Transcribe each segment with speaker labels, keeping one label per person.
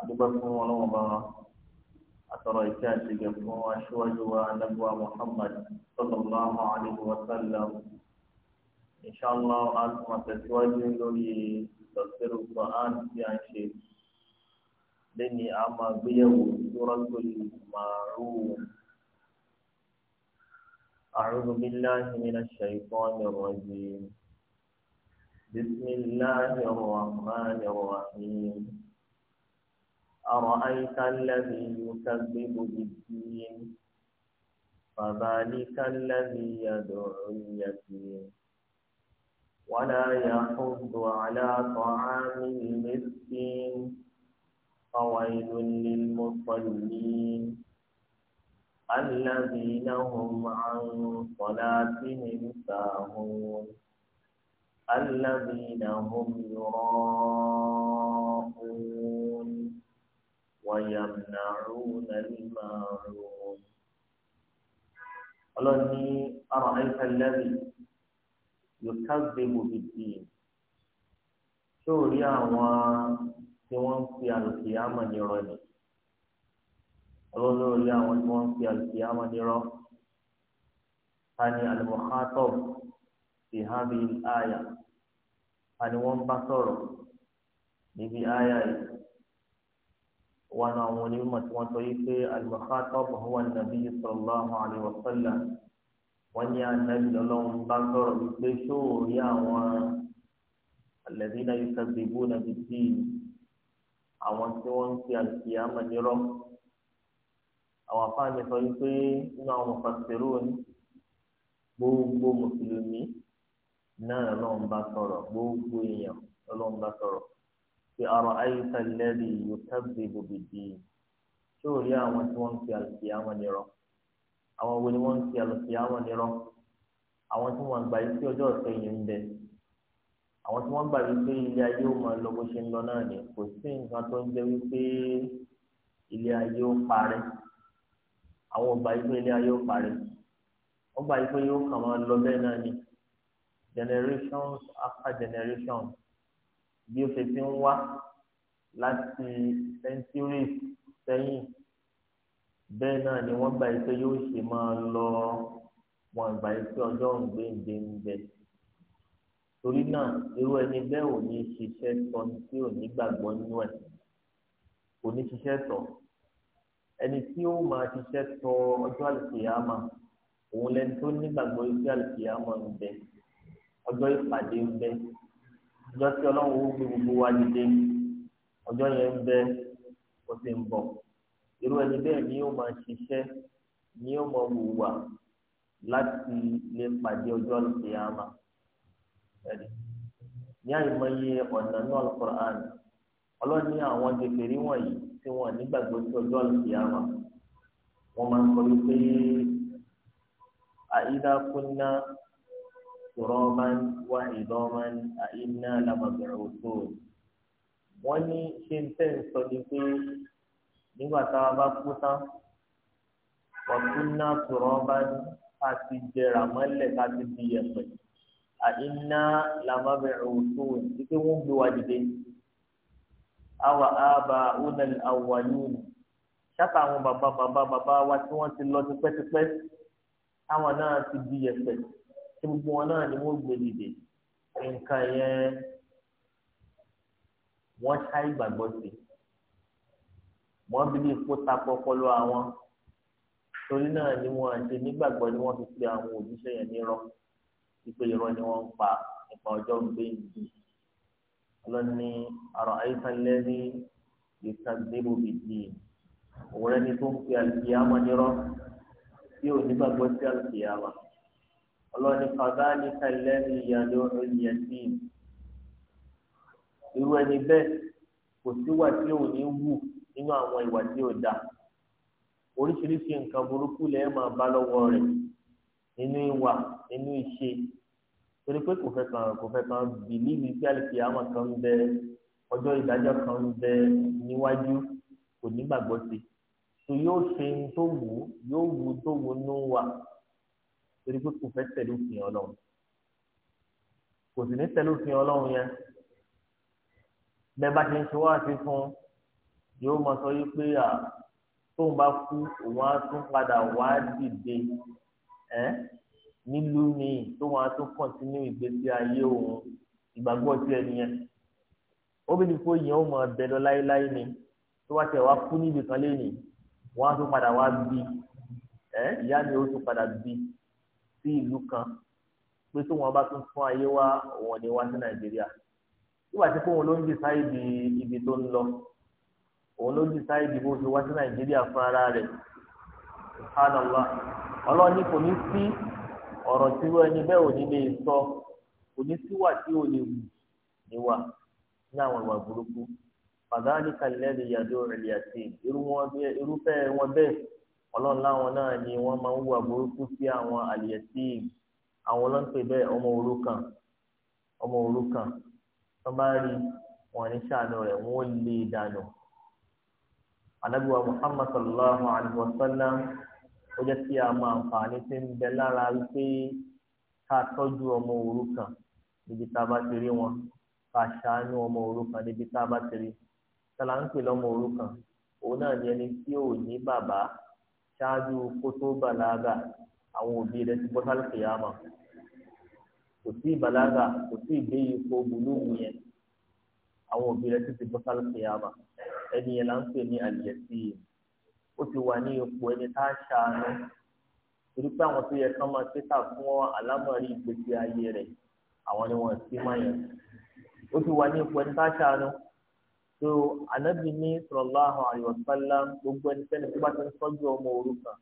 Speaker 1: adúgbò fún ọlọ́wọ́n bá wọn àtọ̀rọ̀ ìkẹ́ àti ìgẹ̀ fún aṣíwájú wa nàbùwà muhammad sallallahu alayhi wa sallam inshallah a ti máa tẹ̀síwájú lórí tafsiru quran tí a ń ṣe lẹ́ni a máa gbéyẹ̀wò suratul ma'run. أعوذ بالله من الشيطان الرجيم بسم الله الرحمن الرحيم أرأيت الذي يكذب بالدين فذلك الذي يدعو اليتيم ولا يحض على طعام المسكين فويل للمصلين الذين هم عن صلاتهم ساهون الذين هم يراءون ويمنعون الماعون ọlọ́run ní أرأيت الذي يكذب بالدين ṣé ò rí àwọn tí wọ́n ń fi àlùkìyàmọ̀ nírọ̀ ni ọlọ́run rí àwọn tí wọ́n ń fi àlùkìyàmọ̀ nírọ̀ tani al-mukhatab fi hadhihi al-aya tani wọ́n bá sọ̀rọ̀ níbi àyà yìí wọn àwọn onímọ̀ tí wọ́n sọ yìí pé al-mukhatab huwa an-nabi sallallahu alayhi wa sallam wọ́n ní ànábì lọ́lọ́run bá sọ̀rọ̀ wípé sóòrí àwọn alladhina yukazzibuna bid-din àwọn tí wọ́n ń fi al-qiyamah àwọn afáàmì sọ wípé nínú àwọn mufassirun ní gbogbo mùsùlùmí náà lọ́lọ́run bá sọ̀rọ̀ gbogbo èèyàn lọ́lọ́run bá sọ̀rọ̀ pé ọ̀rọ̀ ayíṣà lẹ́rìí yóò tábìlì bòbí di ṣé ò rí àwọn tí wọ́n ń fi àlùkí àwọn nírọ́ àwọn wo ni wọ́n ń fi àlùkí àwọn nírọ́ àwọn tí wọ́n gbà yí sí ọjọ́ ọ̀sẹ̀ yìí ń bẹ àwọn tí wọ́n gbà wípé ilé ayé ó máa lọ bó ṣe ń lọ náà ni kò sí nǹkan tó ń jẹ́ wípé ilé ayé ó parẹ́ àwọn ò gbà wípé ilé ayé ó parẹ́ wọ́n gbà wípé yóò kàn máa lọ bẹ́ẹ̀ náà ni generations after generations bí ó ṣe ti ń wá láti sẹ́ńtúrì sẹ́yìn bẹ́ẹ̀ náà ni wọ́n gbà pé yóò ṣe máa lọ wọn gbà pé ọjọ́ ń gbé ń gbé ń bẹ torí náà irú ẹni bẹ́ẹ̀ ò ní ṣiṣẹ́ sọ tí ò ní gbàgbọ́ nínú ẹ̀ kò ní ṣiṣẹ́ sọ ẹni tí ó máa ṣiṣẹ́ sọ ọjọ́ àlùkìyàmà òun lẹni tó nígbàgbọ́ iṣẹ́ àlùkìyàmà ń bẹ ọjọ́ ìpàdé ń bẹ ọjọ́ tí ọlọ́run ó gbé gbogbo wa dìde ọjọ́ yẹn ń bẹ ó sì ń bọ̀ irú ẹni bẹ́ẹ̀ ni yóò máa ṣiṣẹ́ ni yóò máa wùwà láti lè pàdé ọjọ́ ìyáàmà ẹ̀rí ní àìmọye ọ̀nà náà alukur'an ọlọ́ni àwọn jẹfẹ̀rí wọ̀nyí tí wọ́n nígbàgbọ́ sí ọjọ́ ìyáàmà wọ́n máa ń sọ wípé àìdákúnná kùrọ́mán wá ìdọ́mán àìná làbàbẹ̀rẹ̀ òtò. wọ́n ní ṣé ń tẹ̀ ń sọ ni pé nígbà táwa bá kú tán wàkúnná tùrọ́mán ká ti jẹrà mọ́lẹ̀ ká ti di yẹ̀pẹ̀ àìná làbàbẹ̀rẹ̀ òtò ní pé wọ́n gbé wa dìde. àwa àbá unal awwalun ṣáta àwọn bàbá bàbá bàbá wa tí wọ́n ti lọ tipẹ́tipẹ́ àwọn náà ti di yẹ̀pẹ̀ tí gbogbo wọn náà ni wọ́n gbé dìde nǹkan yẹn wọ́n ṣá ìgbàgbọ́ sí wọ́n bí ní ipò tapọ̀ ọpọlọ àwọn torí náà ni wọ́n àti nígbàgbọ́ ni wọ́n fi pe àwọn òjíṣẹ́ yẹn nírọ́ ìpè irọ́ ni wọ́n ń pa nípa ọjọ́ ń gbé ìdí ọlọ́ni àrọ̀ àìsànlẹ́ni ìsàgbébò bìdì òwúrẹ́ni tó ń pe àlùkìyàmọ̀ nírọ́ tí ò nígbàgbọ́ sí àlùkìyàmọ̀ ọlọ́ni kọ́dáàlì kẹlẹ́rì ìyàdó ẹ̀yẹ̀sì irú ẹni bẹ́ẹ̀ kò síwà tí ò ní wù nínú àwọn ìwà tí ò dáa oríṣiríṣi nǹkan burúkú lè máa bá lọ́wọ́ rẹ̀ nínú ìwà nínú ìṣe torí pé kò fẹ́ kàn kò fẹ́ kàn bìlíìlì tí àlùkì àwọn kan ń bẹ ọjọ́ ìdájọ́ kan ń bẹ níwájú kò nígbàgbọ́ sí i tó yóò ṣe tó wù yóò wù tó wù nínú wà torí pé kò fẹ́ tẹ̀lé òfin ọlọ́run kò sì ní tẹ̀lé òfin ọlọ́run yẹn bẹ́ẹ̀ bá ti ń ṣe wá àti fún yóò mọ sọ yìí pé à tóun bá kú òun á tún padà wá dìde ẹ nílùú míì tóun á tún kọ̀ntínú ìgbésí ayé òun ìgbàgbọ́ tí ẹni yẹn obìnrin kò yẹn ó mọ ọbẹ̀ lọ láéláé ni tó wá tẹ̀ wá kú níbi kan lé ní wọ́n á tún padà wá bí ẹ ìyá mi ó tún padà bí sí ìlú kan pé tó wọn bá tún fún ayé wá òun ni wá sí nàìjíríà nígbà tí fóun ló ń dìsáìdì ibi tó ń lọ òun ló ń dìsáìdì bó ṣe wá sí nàìjíríà fún ara rẹ̀ subhanallah ọlọ́ọ̀ni kò ní sí ọ̀rọ̀ tí wọ́n ẹni bẹ́ẹ̀ ò ní lè sọ kò ní síwà tí ò lè wù níwà ní àwọn ìwà burúkú fàdáníkà lẹ́rìí rẹ̀ yàtì irúfẹ́ wọn bẹ́ẹ̀ ọlọ́run láwọn náà ni wọ́n máa ń wà burúkú sí àwọn àlìyẹ̀sí àwọn ọlọ́ńpẹ̀ bẹ́ẹ̀ ọmọ òrukàn ọmọ òrukàn tó bá rí wọn ní sànù rẹ̀ wọ́n lè e dànù. anábìwá muhammad sallallahu alayhi wa sallam ó jẹ́ kí a máa àǹfààní tí ń bẹ lára wípé ká tọ́jú ọmọ òrukàn níbi tá a bá ti rí wọn ká ṣàánú ọmọ òrukàn níbi tá a bá ti rí. sàlàǹpẹ̀ lọ́mọ òrukàn òun náà ni ẹni tí ò ní bàbá ṣáájú kó tó bàlágà àwọn òbí rẹ̀ ti bọ́ sálẹ̀ kìyàmà kò sí bàlágà kò sí ìgbé ipò bùlùmù yẹn àwọn òbí rẹ̀ ti ti bọ́ sálẹ̀ kìyàmà ẹni yẹn là ń pè ní àlìyẹsí ó ti wà ní ipò ẹni tá a ṣàánú torí pé àwọn tó yẹ kán máa tẹ́tà fún alámọ̀rí ìgbésí ayé rẹ̀ àwọn ni wọ́n ti máa yẹn ó ti wà ní ipò ẹni tá a ṣàánú so anabi ní sallallahu alaihi wasallam gbogbo ẹnikẹ́ni tó bá ti ń tọ́jú ọmọ òrukàn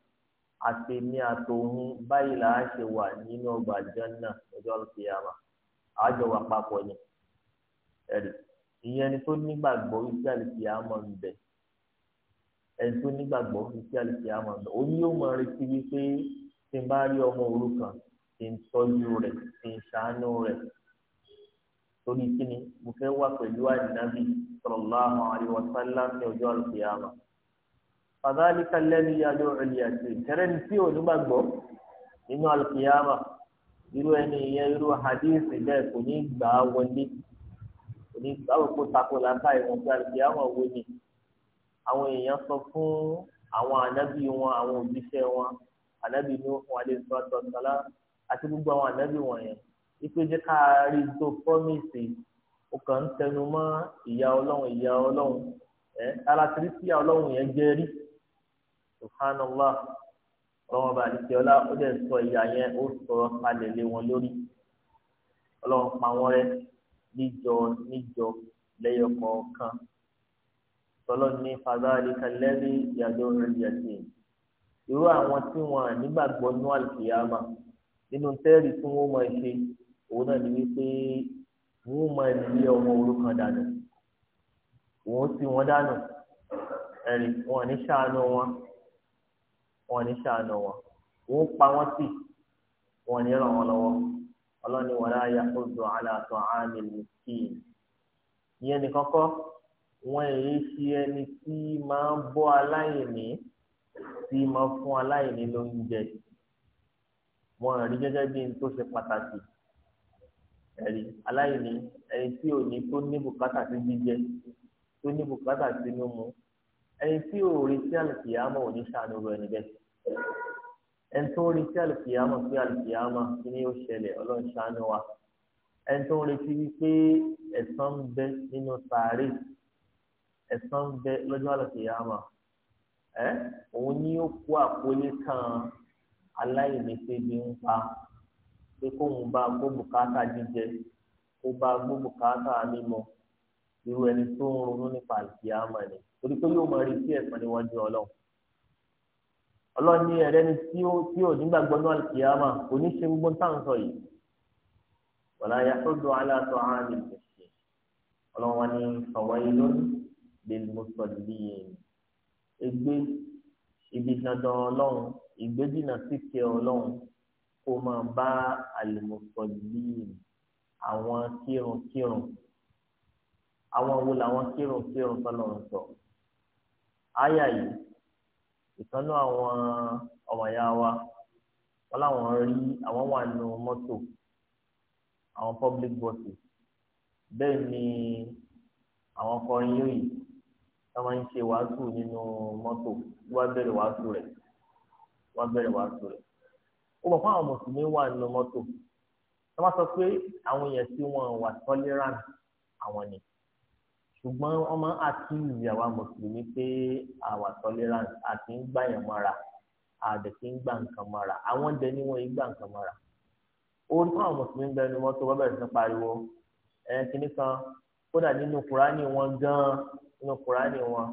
Speaker 1: àtẹ̀mí àtòhun báyìí là á ṣe wà nínú ọgbà jẹ́nà ọjọ́ àlùkìyàmà àjọ wà papọ̀ ni ẹ̀rí ìyẹn ni tó nígbàgbọ́ wípé àlùkìyàmà ń bẹ ẹni tó nígbàgbọ́ wípé àlùkìyàmà ń bẹ òun yóò mọ retí wípé tí n bá rí ọmọ òrukàn tí n tọ́jú rẹ̀ tí n ṣàánú rẹ̀ torí kíni mo fẹ́ wá pẹ̀lú ànábì sallallahu alaihi wa sallam ní ọjọ́ àlùkìyàmà. fàdáàlì kálẹ́ni yájọ́ ìlíyàtì tẹ́rẹ́ ní tí ò ní gbàgbọ́ nínú àlùkìyàmà irú ẹni ìyẹn irú hadith bẹ́ẹ̀ kò ní gbà á wọlé kò ní gbà á takò láńkà ìwọ̀n pé àlùkìyàmà wo ni àwọn èèyàn sọ fún àwọn ànábì wọn àwọn òjíṣẹ́ wọn ànábì Nuhu ipe jẹ́ ká rí tó fọ́mìsì ó kàn ń tẹnu mọ́ ìyá ọlọ́run ìyá ọlọ́run ẹ alátìrí sí ìyá ọlọ́run yẹn jẹ́ rí subhanallah ọlọ́run ọba àti ìṣẹ́ọ́lá ó dẹ̀ sọ ìyá yẹn ó sọ kalẹ̀ lé wọn lórí ọlọ́run pa wọ́n rẹ́ níjọ níjọ lẹ́yọ kọ̀ọ̀kan tọ́lọ́ ní fadhalika alladhi yad'u al-yatim irú àwọn tí wọn nígbàgbọ́ ní àlùkìyàmà nínú tẹ́ẹ̀rì tí wọ́n máa ṣe òun náà ni wípé wọ́n máa lé ọmọ òrukàn dànù wọ́n sì wọ́n dànù ẹ̀rì wọn ní ṣàánú wọn wọn ní ṣàánú wọn wọ́n pa wọ́n tì wọn ní ràn wọ́n lọ́wọ́ ọlọ́ni wàrà ayà ọdọ aláàtọ̀ àmì mùsùlùmí ìyẹn ní kọ́kọ́ wọn èyí ṣe ẹni tí máa ń bọ́ aláìní tí máa fún aláìní lóúnjẹ wọn rí gẹ́gẹ́ bí n tó ṣe pàtàkì ẹ̀rí aláìní ẹni tí ò ní tó ní bùkátà sí jíjẹ tó ní bùkátà sí mímu ẹni tí ò rí sí àlùkìyàmọ̀ ò ní sànù rẹ̀ níbẹ̀ ẹni tó ń rí sí àlùkìyàmọ̀ sí àlùkìyàmọ̀ kí ni ó ṣẹlẹ̀ ọlọ́run sànù wa ẹni tó ń retí wípé ẹ̀san ń bẹ nínú sàárè ẹ̀san ń bẹ lọ́jọ́ àlùkìyàmọ̀ ẹ̀ òun ni ó kó àpólí kan aláìní ṣe bí ń pa pé kóun bá gbó bùkátà jíjẹ kó bá gbó bùkátà mímọ irú ẹni tó ń ronú nípa àlùkìyàmọ ni torí pé yóò máa rí sí ẹ̀san níwájú ọlọ́run ọlọ́run ní ẹ̀rẹ́ ni tí ó tí ò nígbàgbọ́ ní àlùkìyàmọ kò ní ṣe gbogbo táwọn sọ yìí wàlá yàtọ̀dọ̀ aláàtọ̀ ààrẹ ìgbésẹ̀ ọlọ́run wa ní sọ̀wọ́ yìí lónìí lè mú sọ̀dí yìí ẹgbẹ́ ibi dandan ọlọ́run ìgbédìnà sí kẹ ọlọ́run kó máa bá àlùmọ̀sọ̀lìn àwọn kírunkírun àwọn wo làwọn kírunkírun tọ́lọ̀ ń sọ. àyà yìí ìkànnú àwọn ọmọ ìyá wa wọn làwọn rí àwọn wà nù mọ́tò àwọn public buses bẹ́ẹ̀ ni àwọn kọrin yóò yìí wọ́n máa ń ṣe wàásù nínú mọ́tò wọ́n bẹ̀rẹ̀ wàásù rẹ̀ wọ́n bẹ̀rẹ̀ wàásù rẹ̀ ó mọ̀ fáwọn mùsùlùmí wà nínú mọ́tò wọ́n bá sọ pé àwọn èèyàn tí wọ́n wà tolerant àwọn ni ṣùgbọ́n wọ́n máa ń àkíyèsí àwa mùsùlùmí pé àwa tolerant àti ń gbà yàn mọ́ra àdẹ̀kí ń gbà nǹkan mọ́ra àwọn dẹ ni wọ́n yìí gbà nǹkan mọ́ra orí fáwọn mùsùlùmí bẹ́ẹ̀ ni mọ́tò wọ́n bẹ̀rẹ̀ sí pariwo ẹ̀ kìnnì kan kódà nínú kùránì wọn gan nínú kùránì wọn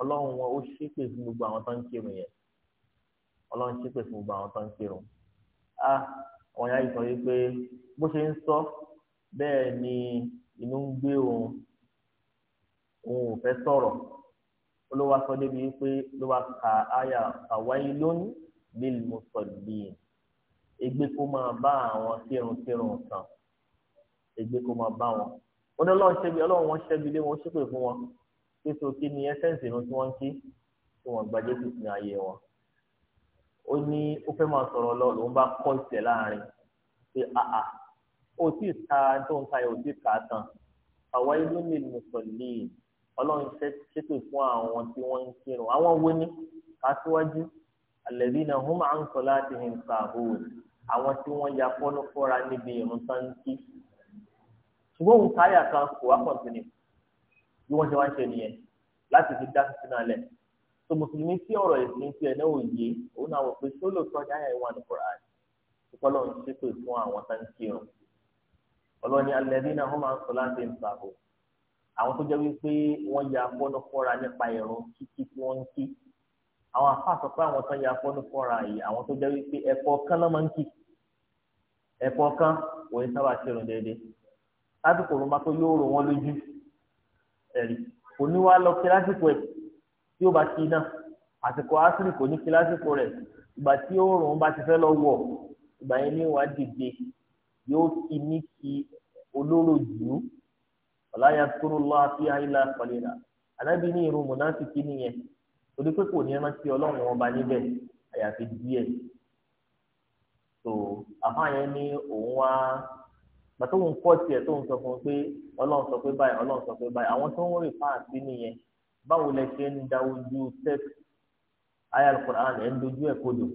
Speaker 1: ọlọ́run wọn ó ṣépè fún gbogbo àwọn tó ń kírun yẹn ọlọ́run ṣépè fún gbogbo àwọn tó ń kírun a ah, àwọn ìyá yìí sọ yìí pé bó ṣe ń sọ bẹ́ẹ̀ ni inú ń gbé òun òun ò fẹ́ sọ̀rọ̀ olówó sọ débi pé ló wá ka àyà àwáyé lónìí bíi mùsọ̀lìyìn ègbé kó máa bá àwọn kírun-kírun kan ègbé kó máa bá wọn wọn ní ọlọ́run ṣẹ́bi ọlọ́run wọn ṣẹ́bi lé wọn ṣépè fún wọn pé so kí ni ẹsẹ̀nsì irun tí wọ́n ń kí tí wọ́n gbàjẹ́ tuntun ayé wọn ó ní ó fẹ́ máa sọ̀rọ̀ lọ lòun bá kọ́ ìtẹ̀ láàrin pé àà ó sì ta tó ń ta yẹ ó sì kà á tán àwa ìlú mi lè sọ̀lì ọlọ́run ṣètò fún àwọn tí wọ́n ń kírun àwọn wo ni kásíwájú àlẹ́bí náà hum à ń sọ láti hin sàhùn àwọn tí wọ́n ya fọ́nú fọ́ra níbi ìrún táǹkì ṣùgbọ́n òun káyà kan kò wá pọ̀ sí ni bí wọ́n ṣe wá ń ṣe nìyẹn láti fi dá sí náà lẹ̀ so mùsùlùmí tí ọ̀rọ̀ ẹ̀sìn tí ẹ̀ náà ò yé òun náà wò pé sólò sọ́jà yẹn wà ní Quran ìpọ́lọ̀ ń ṣépè fún àwọn sáńkìrùn ọlọ́ni alẹ́bí náà wọ́n máa ń sọ láti ń sàbò àwọn tó jẹ́ wípé wọ́n ya fọ́nú fọ́ra nípa ẹ̀rọ kíkí tí wọ́n ń kí àwọn afáàsọ pé àwọn kan ya fọ́nú fọ́ra yìí àwọn tó jẹ́ wípé ẹ̀kọ́ kan náà máa ń kí ẹ̀kọ́ kan kò ní sábà kírun déédéé lásìkò ló máa tó yóò rò wọ́n lójú ẹ̀rí kò ní wá lọ kí lásìkò ẹ̀kọ́ tí ó bá ti dán àsìkò asiri kò ní kílásìkò rẹ̀ ìgbà tí oòrùn bá ti fẹ́ lọ wọ̀ ìgbà yẹn ní wàá dìde yóò ti ní kí olóró jù ú ọ̀láyà kúrò lọ́ àfi àyílá pàlẹ́lá anábì ní irun mùnáfíkì nìyẹn torí pé kò ní rántí ọlọ́run ọba níbẹ̀ àyàfi díẹ̀ tó àfáàyàn ní òun wá gbàtọ́ òun kọ́ tiẹ̀ tó ń sọ fún un pé ọlọ́run sọ pé báyìí ọlọ́run sọ pé báyìí àwọn tó ń rí fáàsì nìyẹn báwo lẹ ṣe ń da ojú tẹ́tù ayé alukur'an ẹ̀ ń dojú ẹ̀ kodò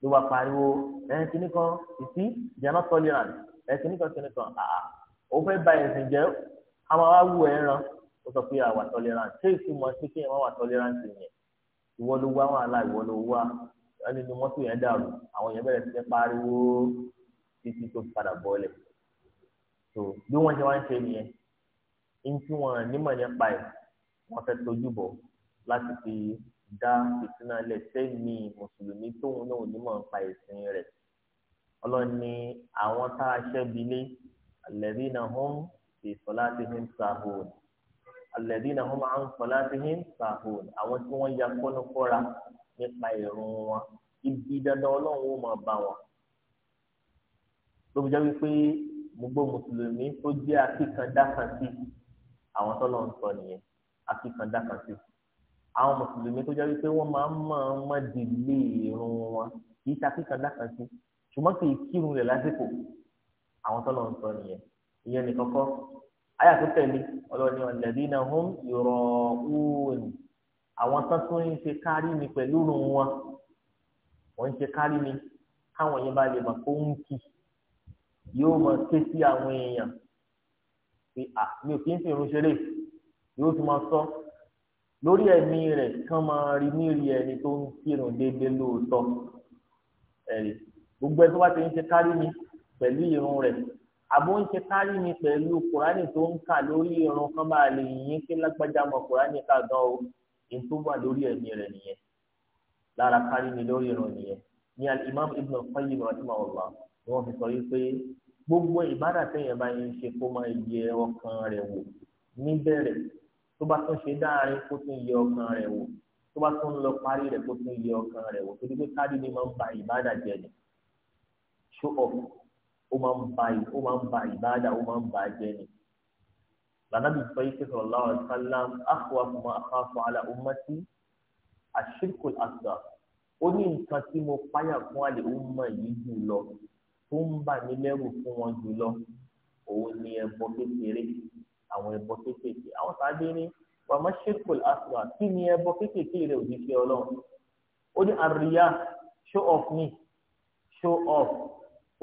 Speaker 1: ló wá pariwo ẹ̀ ń kíní kan ìsí ìjànà tolerant ẹ̀ kíní kan kíní kan àà ah, ah. ó fẹ́ ba ẹ̀sìn jẹ́ a máa wá wù ẹ̀ ràn ó sọ pé àwà tolerant ṣé ìtumọ̀ sí kí ẹ̀ má wà tolerant yẹn ìwọ ló wá wàhálà ìwọ ló wá ẹni ní mọ́tò yẹn dàrú àwọn yẹn bẹ̀rẹ̀ sí pariwo títí tó padà bọ́ọ̀lẹ̀ tó bí wọ́n ṣe wá ń ṣe nìyẹn wọ́n fẹ́ tójú bọ̀ láti fi dá fìtínà lẹ̀ sẹ́mi mùsùlùmí tóun náà onímọ̀ nípa ẹ̀sìn rẹ̀ ọlọ́run ní àwọn tá a ṣẹ́bilé alladhina hum fi salatihim sahun alladhina hum an salatihim sahun àwọn tí wọ́n ya kọ́nú kọ́ra nípa ìrun wọn ibi dandan ọlọ́run ó máa bá wọn lóbi jẹ́ wípé gbogbo mùsùlùmí tó jẹ́ akíkandákan sí àwọn tọ́lọ́ ń sọ nìyẹn akíkanda kan sí àwọn mùsùlùmí tó jẹ́ wípé wọ́n máa ń máa má délé irun wọn kì í takíkanda kan sí ṣùgbọ́n kì í kírun rẹ̀ lásìkò àwọn tó lọ ń sọ nìyẹn ìyẹn ní kọ́kọ́ àyà tó tẹ̀lé ọlọ́ni alladhina hum yura'un àwọn tó tún ń ṣe kárí mi pẹ̀lú irun wọn wọ́n ń ṣe kárí mi káwọn yẹn bá lè mọ̀ kó ń kì yóò mọ̀ ké sí àwọn èèyàn pé à mi ò kí ń fi irun ṣeré yóò tún máa sọ lórí ẹ̀mí rẹ̀ kán máa rí nírí ẹni tó ń kírun déédéé lóòótọ́ ẹ̀rí gbogbo ẹ tó bá ti ń ṣe kárí mi pẹ̀lú irun rẹ̀ àbó ń ṣe kárí mi pẹ̀lú kùránì tó ń kà lórí irun kan bá lè yín kí lágbájá mọ kùránì ká gan o èyí tó wà lórí ẹ̀mí rẹ̀ nìyẹn lára kárí mi lórí irun nìyẹn ní alimam ibn Qayyim rahimahullah ni wọ́n fi sọ yìí pé gbogbo ìbádà téèyàn bá yẹn ṣe kó máa yẹ ọkàn rẹ̀ wò níbẹ̀rẹ̀ tó bá tún ṣe dáàrin kó tún yẹ ọkàn rẹ̀ wò tó bá tún lọ parí rẹ̀ kó tún yẹ ọkàn rẹ̀ wò torí pé káàdì ni máa ń ba ìbáàdà jẹ́ ni show off ó máa ń ba ó máa ń ba ìbáàdà ó máa ń ba jẹ́ ni lànàbí sọ yìí pé sallallahu alaihi wasallam akhwafu ma akhafu ala ummati ashirkul ó ní nǹkan tí mo páyà fún àlè umma yìí jù lọ tó ń bà mí lẹ́rù fún wọn jù lọ òun ni ẹbọ kékeré àwọn ẹbọ kéékèèké àwọn sáadé ní wàmọ ṣèkùl asra kí ni ẹbọ kéékèèké rẹ òjíṣẹ́ Ọlọ́run ó ní àríyá show off ni show off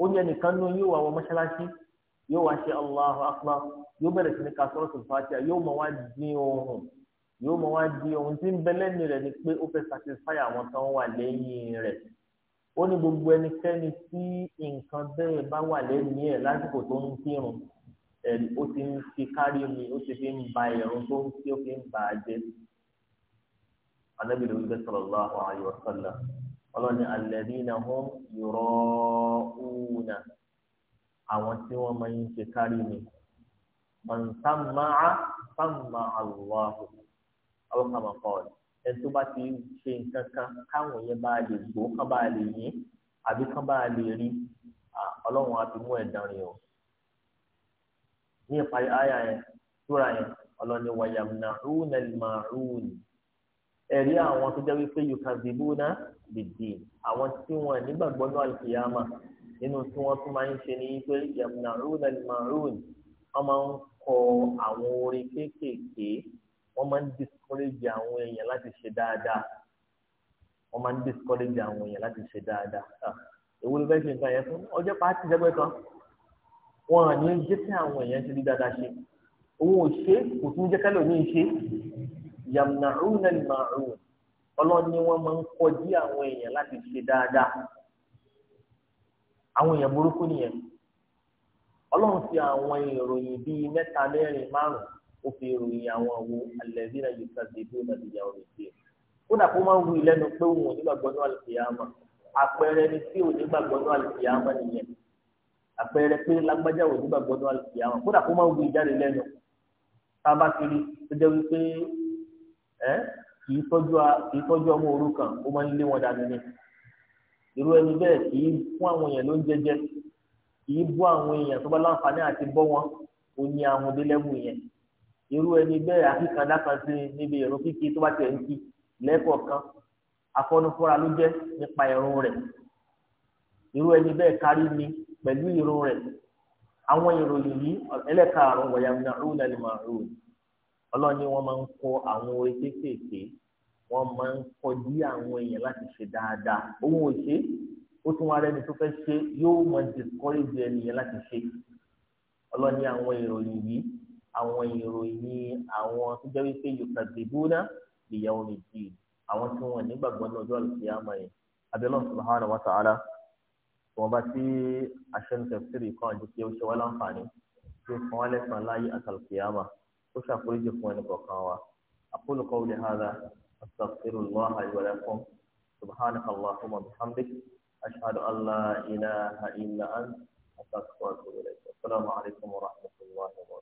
Speaker 1: ó ní ẹnìkan nínú yóò wá wọ mọ́ṣáláṣí yóò wá ṣe Allahu akbar yóò bẹ̀rẹ̀ sí ní ka sọ̀rọ̀ sùfàtìyà yóò mọ wá di ohun yóò mọ wá di ohun tí ń bẹ lẹ́nu rẹ̀ ni pé ó fẹ́ satisfy àwọn tó ń wà lẹ́yìn rẹ̀ ó ní gbogbo ẹnikẹ́ni tí nǹkan bẹ́ẹ̀ bá wà lẹ́nu ẹ̀ lásìkò tó ń kírun ẹni ó ti ń fi kárí mi ó ti fi ń ba ẹ̀rùn tó ń tí ó fi ń bà á jẹ́ anábìlẹ̀ wíwẹ́ sallallahu alaihi wasallam ọlọ́ni alladhina hum yura'una àwọn tí wọ́n máa ń ṣe kárí mi man samma'a samma'a Allahu àwọn kan máa kọ́ ọ̀dọ̀ ẹni tó bá ti ṣe nǹkan kan káwọn yẹn bá lè gbọ́ kán bá lè yín àbí kán bá lè rí ọlọ́run á mú ẹ̀dán rìn o ní ìparí àyà yẹn súra yẹn ọlọ́ni wàyàmùnà rúnà màrún ẹ̀rí àwọn tó jẹ́ wípé yukazibuna bid-din àwọn tí wọ́n nígbàgbọ́ náà al-qiyama nínú tí wọ́n tún máa ń ṣe ní pé yàmùnà rúnà màrún wọ́n máa ń kọ àwọn orin kéékèèké wọ́n máa ń discourage àwọn èèyàn láti ṣe dáadáa wọ́n máa ń discourage àwọn èèyàn láti ṣe dáadáa ah, èwo ló fẹ́ ṣe nǹkan yẹn fún ọjọ́ pàtì jẹ́gbẹ́ kan wọn à ní jẹ́ kí àwọn èèyàn ṣe rí dáadáa ṣe òun ò ṣe kò tún jẹ́ kálọ̀ ní í ṣe yamna'una al-ma'ruf ọlọ́run ni wọ́n máa ń kọjí àwọn èèyàn láti ṣe dáadáa àwọn èèyàn burúkú nìyẹn ọlọ́run fi àwọn ìròyìn bíi mẹ́ta mẹ́rin márùn ó fi ìròyìn àwọn wo alẹ́bíra yìí ká débi ó dàbí ìyàwó rẹ̀ sí i kódà kó máa ń wí lẹ́nu pé òun ò nígbàgbọ́ ní àlùfíà mọ́ àpẹẹrẹ ni tí ò nígbàgbọ́ ní àlùfíà mọ́ nìyẹn àpẹẹrẹ pé lágbájá wò nígbà gbọdọ àlùkì àwọn kódà kó má wù ìjáde lẹ́nu tá a bá ti rí tó jẹ wípé ẹ kì í tọ́jú kì í tọ́jú ọmọ òrukàn ó máa ń lé wọn dání ni irú ẹni bẹ́ẹ̀ kì í fún àwọn èèyàn ló ń jẹjẹ kì í bọ́ àwọn èèyàn tó bá láǹfààní àti bọ́ wọn ó ní àwọn délẹ́bù yẹn irú ẹni bẹ́ẹ̀ akíkandá kan sí níbi ìrún kíkí tó bá tẹ̀ ń kí lẹ́kọ̀ọ̀kan afọ́nufọ́ra ló jẹ́ nípa ẹ̀rùn rẹ̀ irú ẹni bẹ́ẹ̀ kárí ni pẹ̀lú irun rẹ̀ àwọn ìròyìn yìí ẹlẹ́kaàrún wọ̀yàmínà rúnà ni màrú ọlọ́ni wọ́n máa ń kọ àwọn orí kéékèèké wọ́n máa ń kọ dí àwọn èèyàn láti ṣe dáadáa òun ò ṣe ó tún wá rẹ́ni tó fẹ́ ṣe yóò mọ discourage ènìyàn láti ṣe ọlọ́ni àwọn ìròyìn yìí àwọn ìròyìn àwọn tó jẹ́ wípé yorùbá gbẹ̀gbọ́nà ìyàwó mi jì àwọn tí wọ́n nígbàgbọ́ náà ọjọ́ ọba tí aṣẹ́nu tẹ̀síìrì kan àti kí ó ṣe wá láǹfààní tí ó fún wa lẹ́sàn-án láyé àtàlùkìyàmà ó ṣàforíjì fún ẹnì kọ̀ọ̀kan wa aqulu qawli hadha astaghfirullaha li wa lakum subhanaka allahumma bihamdik ashhadu an la ilaha illa ant astaghfiruka wa atubu ilayk assalamu wa rahmatullahi wa barakatuh